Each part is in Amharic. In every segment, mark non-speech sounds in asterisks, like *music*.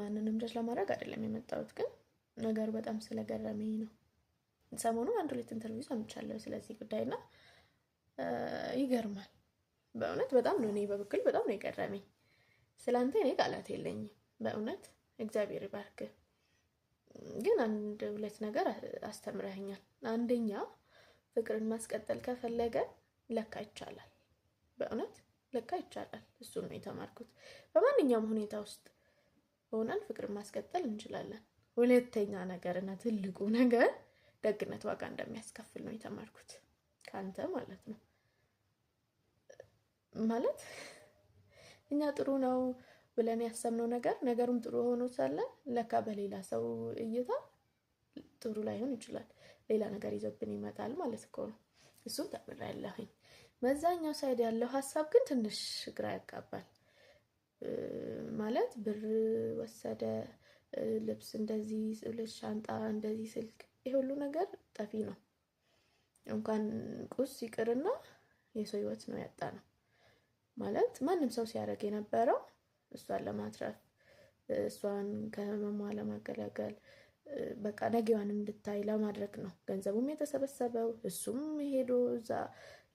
ማንንም ጀጅ ለማድረግ አይደለም የመጣሁት፣ ግን ነገሩ በጣም ስለገረመኝ ነው። ሰሞኑ አንድ ሁለት ኢንተርቪው ሰምቻለሁ ስለዚህ ጉዳይና ይገርማል። በእውነት በጣም ነው እኔ በብክል በጣም ነው የገረመኝ። ስለአንተ እኔ ቃላት የለኝም በእውነት እግዚአብሔር ይባርክ። ግን አንድ ሁለት ነገር አስተምረህኛል አንደኛ ፍቅርን ማስቀጠል ከፈለገ ለካ ይቻላል፣ በእውነት ለካ ይቻላል። እሱን ነው የተማርኩት በማንኛውም ሁኔታ ውስጥ ሆነን ፍቅር ማስቀጠል እንችላለን። ሁለተኛ ነገር እና ትልቁ ነገር ደግነት ዋጋ እንደሚያስከፍል ነው የተማርኩት ከአንተ ማለት ነው። ማለት እኛ ጥሩ ነው ብለን ያሰብነው ነገር ነገሩም ጥሩ ሆኖ ሳለ ለካ በሌላ ሰው እይታ ጥሩ ላይሆን ይችላል። ሌላ ነገር ይዘብን ይመጣል ማለት እኮ ነው። እሱም ተምሬያለሁኝ። በዛኛው ሳይድ ያለው ሀሳብ ግን ትንሽ ግራ ያጋባል። ማለት ብር ወሰደ፣ ልብስ እንደዚህ ልብስ፣ ሻንጣ እንደዚህ፣ ስልክ፣ ይህ ሁሉ ነገር ጠፊ ነው። እንኳን ቁስ ይቅርና የሰው ህይወት ነው ያጣ ነው ማለት ማንም ሰው ሲያደርግ የነበረው እሷን ለማትረፍ እሷን ከህመሟ ለማገላገል በቃ ነጌዋን እንድታይ ለማድረግ ነው። ገንዘቡም የተሰበሰበው እሱም ሄዶ እዛ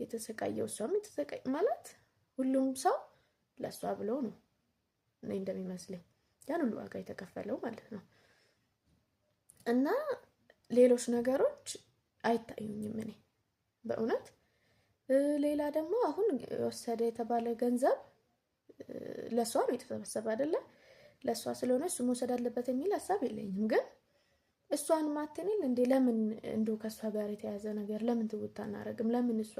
የተሰቃየው እሷም የተሰቃየ ማለት ሁሉም ሰው ለእሷ ብሎ ነው። እኔ እንደሚመስለኝ ያን ሁሉ ዋጋ የተከፈለው ማለት ነው። እና ሌሎች ነገሮች አይታዩኝም እኔ በእውነት ሌላ ደግሞ አሁን ወሰደ የተባለ ገንዘብ ለእሷ ነው የተሰበሰበ አይደለ? ለእሷ ስለሆነ እሱ መውሰድ አለበት የሚል ሀሳብ የለኝም። ግን እሷን ማትንል እንዴ ለምን እንዶ ከእሷ ጋር የተያዘ ነገር ለምን ትውት አናደርግም? ለምን እሷ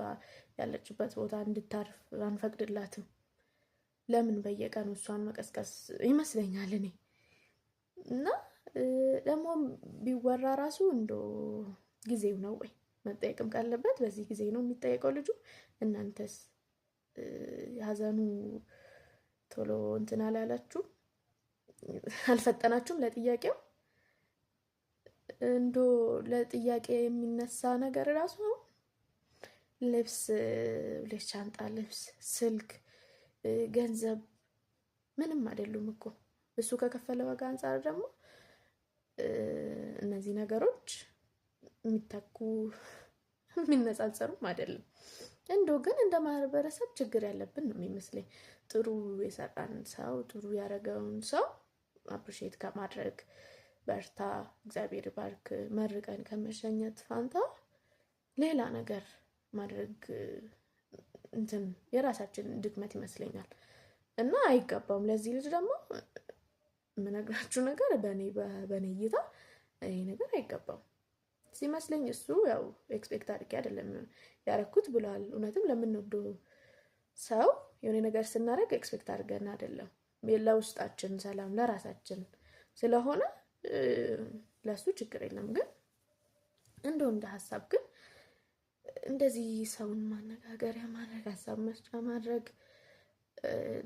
ያለችበት ቦታ እንድታርፍ አንፈቅድላትም? ለምን በየቀኑ እሷን መቀስቀስ ይመስለኛል እኔ እና ደግሞ ቢወራ ራሱ እንዶ ጊዜው ነው ወይ መጠየቅም ካለበት በዚህ ጊዜ ነው የሚጠየቀው ልጁ። እናንተስ ሀዘኑ ቶሎ እንትን አላላችሁ አልፈጠናችሁም? ለጥያቄው እንዶ ለጥያቄ የሚነሳ ነገር ራሱ ነው። ልብስ፣ ሁለት ሻንጣ ልብስ፣ ስልክ ገንዘብ ምንም አይደሉም እኮ። እሱ ከከፈለ ዋጋ አንጻር ደግሞ እነዚህ ነገሮች የሚተኩ *laughs* የሚነጻጸሩም አይደለም። እንዶ ግን እንደ ማህበረሰብ ችግር ያለብን ነው የሚመስለኝ። ጥሩ የሰራን ሰው ጥሩ ያደረገውን ሰው አፕሪሼት ከማድረግ በርታ፣ እግዚአብሔር ባርክ መርቀን ከመሸኘት ፋንታ ሌላ ነገር ማድረግ እንትን የራሳችን ድክመት ይመስለኛል እና አይገባውም። ለዚህ ልጅ ደግሞ የምነግራችሁ ነገር በእኔ በእኔ እይታ ይሄ ነገር አይገባም ሲመስለኝ እሱ ያው ኤክስፔክት አድርጌ አይደለም ያረኩት ብለዋል እውነትም ለምንወደው ሰው የሆነ ነገር ስናደርግ ኤክስፔክት አድርገን አይደለም ለውስጣችን ሰላም ለራሳችን ስለሆነ ለእሱ ችግር የለም። ግን እንደው እንደ ሀሳብ ግን እንደዚህ ሰውን ማነጋገሪያ ማድረግ ሀሳብ መስጫ ማድረግ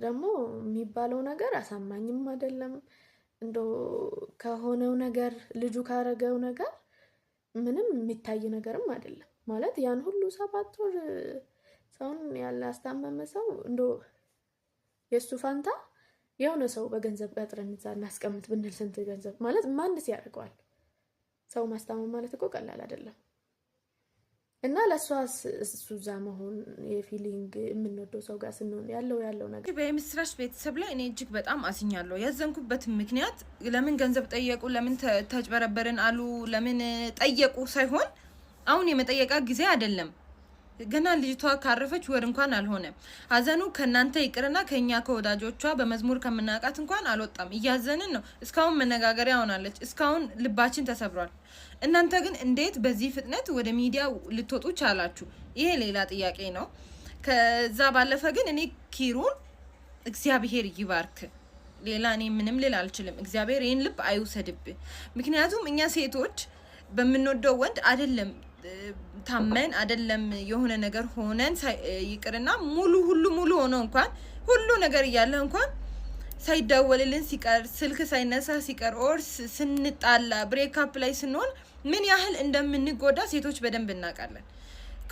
ደግሞ የሚባለው ነገር አሳማኝም አይደለም። እንደ ከሆነው ነገር ልጁ ካረገው ነገር ምንም የሚታይ ነገርም አይደለም ማለት ያን ሁሉ ሰባት ወር ሰውን ያለ አስታመመ ሰው እንደ የእሱ ፋንታ የሆነ ሰው በገንዘብ ቀጥረን እዛ እናስቀምጥ ብንል ስንት ገንዘብ ማለት ማንስ ያደርገዋል? ሰው ማስታመም ማለት እኮ ቀላል አይደለም። እና ለእሷ እሱ እዛ መሆን የፊሊንግ የምንወደው ሰው ጋር ስንሆን ያለው ያለው ነገር በምስራች ቤተሰብ ላይ እኔ እጅግ በጣም አስኛለሁ። ያዘንኩበት ምክንያት ለምን ገንዘብ ጠየቁ፣ ለምን ተጭበረበርን አሉ፣ ለምን ጠየቁ ሳይሆን አሁን የመጠየቃ ጊዜ አይደለም። ገና ልጅቷ ካረፈች ወር እንኳን አልሆነም። ሀዘኑ ከእናንተ ይቅርና ከእኛ ከወዳጆቿ በመዝሙር ከምናውቃት እንኳን አልወጣም። እያዘንን ነው። እስካሁን መነጋገሪያ ሆናለች። እስካሁን ልባችን ተሰብሯል። እናንተ ግን እንዴት በዚህ ፍጥነት ወደ ሚዲያ ልትወጡ ቻላችሁ? ይሄ ሌላ ጥያቄ ነው። ከዛ ባለፈ ግን እኔ ኪሩን እግዚአብሔር ይባርክ። ሌላ እኔ ምንም ልል አልችልም። እግዚአብሔር ይህን ልብ አይውሰድብ ምክንያቱም እኛ ሴቶች በምንወደው ወንድ አይደለም ታመን አይደለም የሆነ ነገር ሆነን ይቅርና ሙሉ ሁሉ ሙሉ ሆኖ እንኳን ሁሉ ነገር እያለ እንኳን ሳይደወልልን ሲቀር ስልክ ሳይነሳ ሲቀር ኦር ስንጣላ ብሬክአፕ ላይ ስንሆን ምን ያህል እንደምንጎዳ ሴቶች በደንብ እናውቃለን።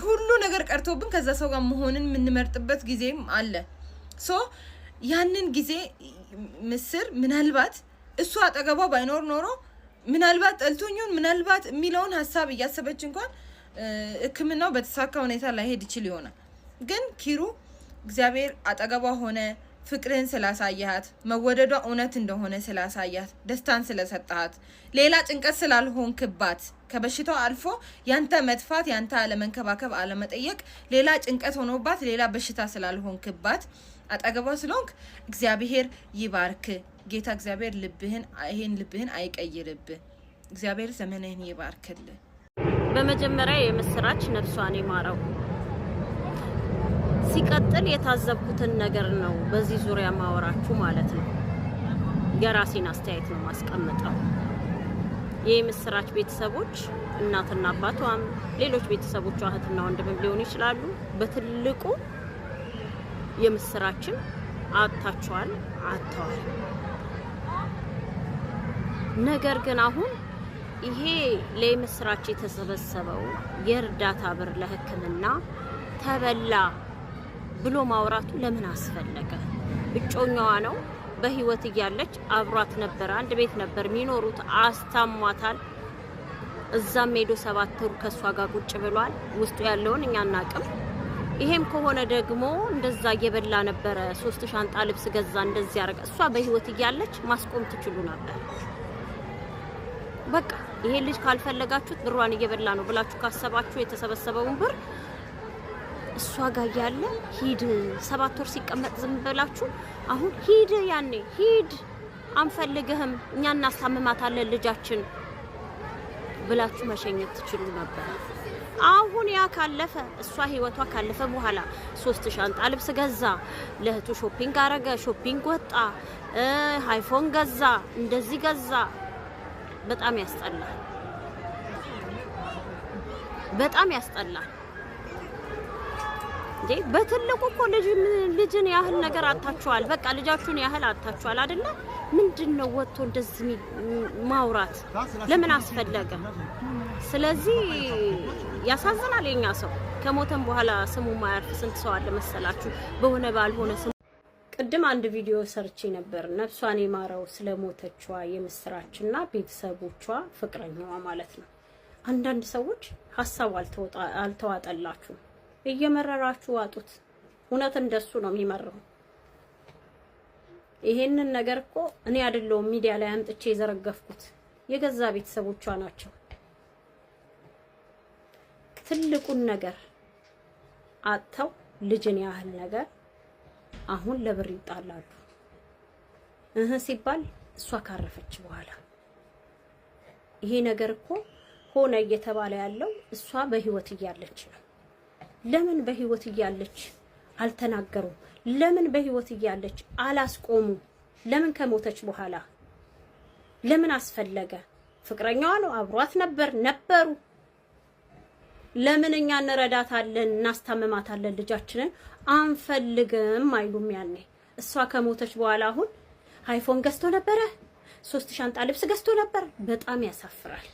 ሁሉ ነገር ቀርቶብን ከዛ ሰው ጋር መሆንን የምንመርጥበት ጊዜም አለ። ሶ ያንን ጊዜ ምስር ምናልባት እሱ አጠገቧ ባይኖር ኖሮ ምናልባት ጠልቶኙን ምናልባት የሚለውን ሀሳብ እያሰበች እንኳን ሕክምናው በተሳካ ሁኔታ ላይሄድ ይችል ይሆናል። ግን ኪሩ እግዚአብሔር አጠገቧ ሆነ። ፍቅርህን ስላሳያት መወደዷ እውነት እንደሆነ ስላሳያት ደስታን ስለሰጣት ሌላ ጭንቀት ስላልሆንክባት ከበሽታው አልፎ ያንተ መጥፋት ያንተ አለመንከባከብ አለመጠየቅ ሌላ ጭንቀት ሆኖባት ሌላ በሽታ ስላልሆንክባት አጠገቧ ስለሆንክ እግዚአብሔር ይባርክ። ጌታ እግዚአብሔር ልብህን ይህን ልብህን አይቀይርብ እግዚአብሔር ዘመንህን ይባርክል። በመጀመሪያ የምስራች ነፍሷን ይማረው። ሲቀጥል የታዘብኩትን ነገር ነው በዚህ ዙሪያ ማወራችሁ ማለት ነው። የራሴን አስተያየት ነው ማስቀምጠው። የምስራች ቤተሰቦች እናትና አባቷም ሌሎች ቤተሰቦቿ እህትና ወንድምም ሊሆኑ ይችላሉ። በትልቁ የምስራችን አጥታችኋል፣ አጥተዋል። ነገር ግን አሁን ይሄ ለምስራች የተሰበሰበው የእርዳታ ብር ለሕክምና ተበላ ብሎ ማውራቱ ለምን አስፈለገ? እጮኛዋ ነው። በህይወት እያለች አብሯት ነበር። አንድ ቤት ነበር የሚኖሩት። አስታሟታል። እዛም ሄዶ ሰባት ወር ከእሷ ጋር ቁጭ ብሏል። ውስጡ ያለውን እኛ አናቅም። ይሄም ከሆነ ደግሞ እንደዛ እየበላ ነበረ። ሶስት ሻንጣ ልብስ ገዛ፣ እንደዚህ ያደረገ። እሷ በህይወት እያለች ማስቆም ትችሉ ነበር። በቃ ይሄ ልጅ ካልፈለጋችሁት ብሯን እየበላ ነው ብላችሁ ካሰባችሁ የተሰበሰበውን ብር እሷ ጋር ያለ ሂድ፣ ሰባት ወር ሲቀመጥ ዝም ብላችሁ አሁን ሂድ፣ ያኔ ሂድ፣ አንፈልግህም፣ እኛ እናስታምማታለን ልጃችን ብላችሁ መሸኘት ትችሉ ነበር። አሁን ያ ካለፈ እሷ ህይወቷ ካለፈ በኋላ ሶስት ሻንጣ ልብስ ገዛ፣ ለእህቱ ሾፒንግ አረገ፣ ሾፒንግ ወጣ፣ አይፎን ገዛ፣ እንደዚህ ገዛ። በጣም ያስጠላል፣ በጣም ያስጠላል። እንዴ በትልቁ እኮ ልጅን ያህል ነገር አታችኋል። በቃ ልጃችሁን ያህል አታችኋል አይደለ? ምንድን ነው ወጥቶ እንደዚህ ማውራት ለምን አስፈለገ? ስለዚህ ያሳዝናል። የኛ ሰው ከሞተን በኋላ ስሙ ማያርፍ ስንት ሰው አለ መሰላችሁ? በሆነ ባልሆነ ስሙ ቅድም አንድ ቪዲዮ ሰርቼ ነበር። ነፍሷን የማረው ስለሞተችዋ የምስራችና ቤተሰቦቿ ፍቅረኛዋ ማለት ነው። አንዳንድ ሰዎች ሀሳብ አልተዋጠላችሁም። እየመረራችሁ ዋጡት። እውነት እንደሱ ነው የሚመረው። ይሄንን ነገር እኮ እኔ አይደለሁም ሚዲያ ላይ አምጥቼ የዘረገፍኩት የገዛ ቤተሰቦቿ ናቸው። ትልቁን ነገር አጥተው ልጅን ያህል ነገር አሁን ለብር ይጣላሉ። እህ ሲባል እሷ ካረፈች በኋላ ይሄ ነገር እኮ ሆነ እየተባለ ያለው እሷ በህይወት እያለች ነው። ለምን በህይወት እያለች አልተናገሩም? ለምን በህይወት እያለች አላስቆሙ? ለምን ከሞተች በኋላ ለምን አስፈለገ? ፍቅረኛዋ ነው፣ አብሯት ነበር ነበሩ። ለምን እኛ እንረዳታለን፣ እናስታምማታለን፣ ልጃችንን አንፈልግም አይሉም? ያኔ እሷ ከሞተች በኋላ አሁን አይፎን ገዝቶ ነበረ፣ ሶስት ሻንጣ ልብስ ገዝቶ ነበር። በጣም ያሳፍራል።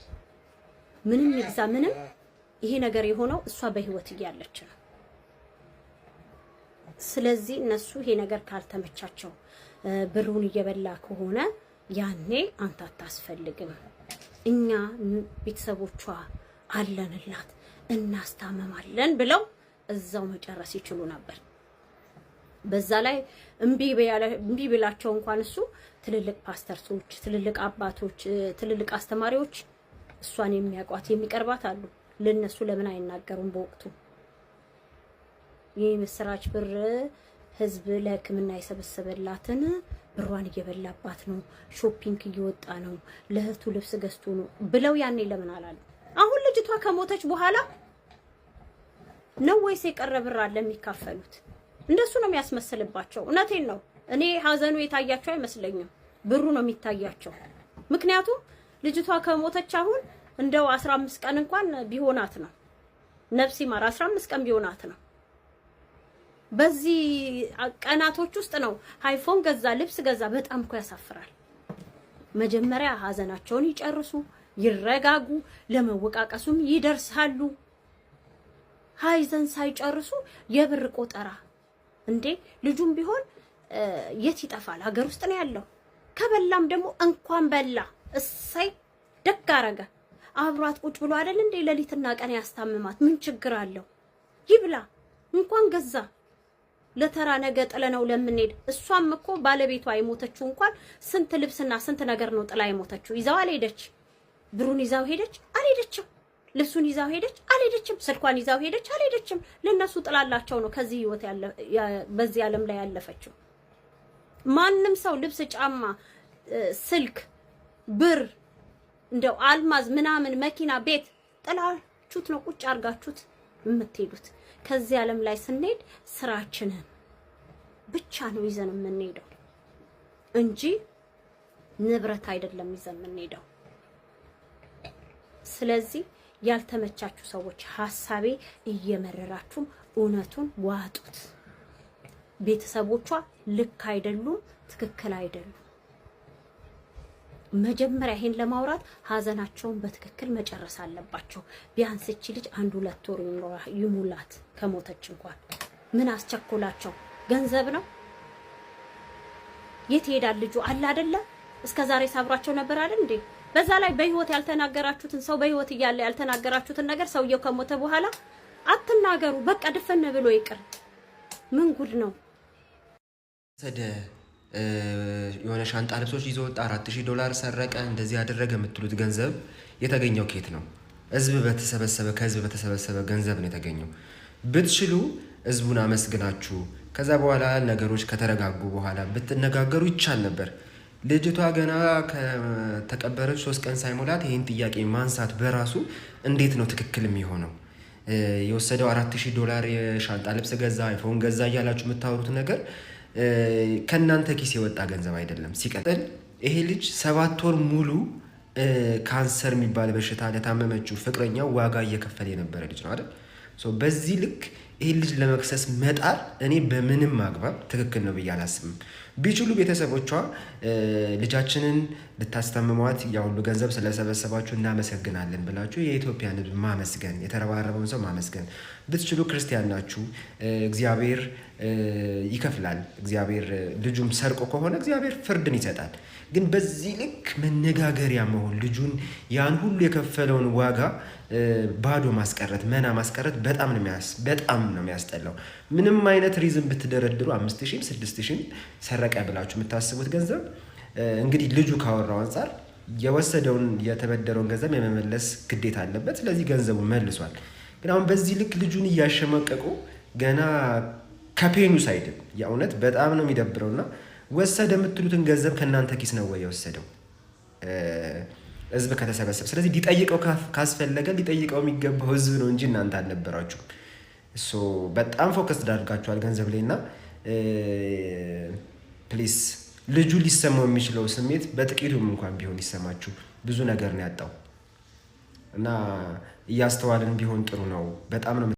ምንም ይግዛ ምንም ይሄ ነገር የሆነው እሷ በህይወት እያለች ነው። ስለዚህ እነሱ ይሄ ነገር ካልተመቻቸው ብሩን እየበላ ከሆነ ያኔ አንተ አታስፈልግም፣ እኛ ቤተሰቦቿ አለንላት፣ እናስታመማለን ብለው እዛው መጨረስ ይችሉ ነበር። በዛ ላይ እምቢ ብላቸው እንኳን እሱ ትልልቅ ፓስተርሶች፣ ትልልቅ አባቶች፣ ትልልቅ አስተማሪዎች እሷን የሚያውቋት የሚቀርባት አሉ። ለነሱ ለምን አይናገሩም? በወቅቱ ይህ ምስራች ብር ህዝብ ለህክምና የሰበሰበላትን ብሯን እየበላባት ነው፣ ሾፒንግ እየወጣ ነው፣ ለእህቱ ልብስ ገዝቶ ነው ብለው ያኔ ለምን አላሉ? አሁን ልጅቷ ከሞተች በኋላ ነው ወይስ የቀረ ብር አለ የሚካፈሉት? እንደሱ ነው የሚያስመስልባቸው። እውነቴን ነው። እኔ ሀዘኑ የታያቸው አይመስለኝም፣ ብሩ ነው የሚታያቸው። ምክንያቱም ልጅቷ ከሞተች አሁን እንደው 15 ቀን እንኳን ቢሆናት ነው ነፍስ ይማር 15 ቀን ቢሆናት ነው። በዚህ ቀናቶች ውስጥ ነው አይፎን ገዛ፣ ልብስ ገዛ። በጣም እኮ ያሳፍራል። መጀመሪያ ሀዘናቸውን ይጨርሱ፣ ይረጋጉ። ለመወቃቀሱም ይደርሳሉ። ሀይዘን ሳይጨርሱ የብር ቆጠራ እንዴ! ልጁም ቢሆን የት ይጠፋል? ሀገር ውስጥ ነው ያለው። ከበላም ደግሞ እንኳን በላ እሰይ ደግ አረገ። አብሯት ቁጭ ብሎ አይደል እንዴ ሌሊትና ቀን ያስታምማት? ምን ችግር አለው? ይብላ እንኳን ገዛ ለተራ ነገ ጥለነው ለምንሄድ። እሷም እኮ ባለቤቷ የሞተችው እንኳን ስንት ልብስና ስንት ነገር ነው ጥላ የሞተችው። ይዛው አልሄደች። ብሩን ይዛው ሄደች አልሄደችም። ልብሱን ይዛው ሄደች አልሄደችም። ስልኳን ይዛው ሄደች አልሄደችም። ለነሱ ጥላላቸው ነው ከዚህ ህይወት በዚህ ዓለም ላይ ያለፈችው። ማንም ሰው ልብስ፣ ጫማ፣ ስልክ፣ ብር እንደው አልማዝ ምናምን መኪና ቤት ጥላችሁት ነው ቁጭ አድርጋችሁት የምትሄዱት። ከዚህ ዓለም ላይ ስንሄድ ስራችንን ብቻ ነው ይዘን የምንሄደው እንጂ ንብረት አይደለም ይዘን የምንሄደው። ስለዚህ ያልተመቻችሁ ሰዎች ሀሳቤ እየመረራችሁም እውነቱን ዋጡት። ቤተሰቦቿ ልክ አይደሉም፣ ትክክል አይደሉም። መጀመሪያ ይሄን ለማውራት ሀዘናቸውን በትክክል መጨረስ አለባቸው። ቢያንስ እቺ ልጅ አንድ ሁለት ወር ይሙላት ከሞተች እንኳን። ምን አስቸኮላቸው? ገንዘብ ነው። የት ይሄዳል ልጁ? አለ አይደለ? እስከ ዛሬ ሳብሯቸው ነበር አይደል እንዴ? በዛ ላይ በህይወት ያልተናገራችሁትን ሰው በህይወት እያለ ያልተናገራችሁትን ነገር ሰውየው ከሞተ በኋላ አትናገሩ። በቃ ድፍን ብሎ ይቅር። ምን ጉድ ነው? የሆነ ሻንጣ ልብሶች ይዞ ወጣ፣ አራት ሺህ ዶላር ሰረቀ፣ እንደዚህ ያደረገ የምትሉት ገንዘብ የተገኘው ኬት ነው? ህዝብ በተሰበሰበ ከህዝብ በተሰበሰበ ገንዘብ ነው የተገኘው። ብትችሉ ህዝቡን አመስግናችሁ ከዛ በኋላ ነገሮች ከተረጋጉ በኋላ ብትነጋገሩ ይቻል ነበር። ልጅቷ ገና ከተቀበረች ሶስት ቀን ሳይሞላት ይህን ጥያቄ ማንሳት በራሱ እንዴት ነው ትክክል የሚሆነው? የወሰደው አራት ሺህ ዶላር የሻንጣ ልብስ ገዛ፣ አይፎን ገዛ እያላችሁ የምታወሩት ነገር ከእናንተ ኪስ የወጣ ገንዘብ አይደለም። ሲቀጥል ይሄ ልጅ ሰባት ወር ሙሉ ካንሰር የሚባል በሽታ ለታመመችው ፍቅረኛው ዋጋ እየከፈለ የነበረ ልጅ ነው አይደል? በዚህ ልክ ይህን ልጅ ለመክሰስ መጣር እኔ በምንም አግባብ ትክክል ነው ብዬ አላስብም። ቢችሉ ቤተሰቦቿ ልጃችንን ልታስተምሟት ያሁሉ ገንዘብ ስለሰበሰባችሁ እናመሰግናለን ብላችሁ የኢትዮጵያን ሕዝብ ማመስገን የተረባረበውን ሰው ማመስገን ብትችሉ፣ ክርስቲያን ናችሁ። እግዚአብሔር ይከፍላል። እግዚአብሔር ልጁም ሰርቆ ከሆነ እግዚአብሔር ፍርድን ይሰጣል። ግን በዚህ ልክ መነጋገሪያ መሆን ልጁን ያን ሁሉ የከፈለውን ዋጋ ባዶ ማስቀረት መና ማስቀረት በጣም ነው በጣም ነው የሚያስጠላው። ምንም አይነት ሪዝን ብትደረድሩ አምስት ሺህም ስድስት ሺህም ሰረቀ ብላችሁ የምታስቡት ገንዘብ እንግዲህ ልጁ ካወራው አንጻር የወሰደውን የተበደረውን ገንዘብ የመመለስ ግዴታ አለበት። ስለዚህ ገንዘቡ መልሷል። ግን አሁን በዚህ ልክ ልጁን እያሸመቀቁ ገና ከፔኑ ሳይድም የእውነት በጣም ነው የሚደብረውእና ወሰደ የምትሉትን ገንዘብ ከእናንተ ኪስ ነው ወይ የወሰደው ህዝብ ከተሰበሰበ? ስለዚህ ሊጠይቀው ካስፈለገ ሊጠይቀው የሚገባው ህዝብ ነው እንጂ እናንተ አልነበራችሁም። እሱ በጣም ፎከስ ዳርጋችኋል ገንዘብ ላይ እና ፕሊስ ልጁ ሊሰማው የሚችለው ስሜት በጥቂቱም እንኳን ቢሆን ይሰማችሁ። ብዙ ነገር ነው ያጣው እና እያስተዋልን ቢሆን ጥሩ ነው። በጣም ነው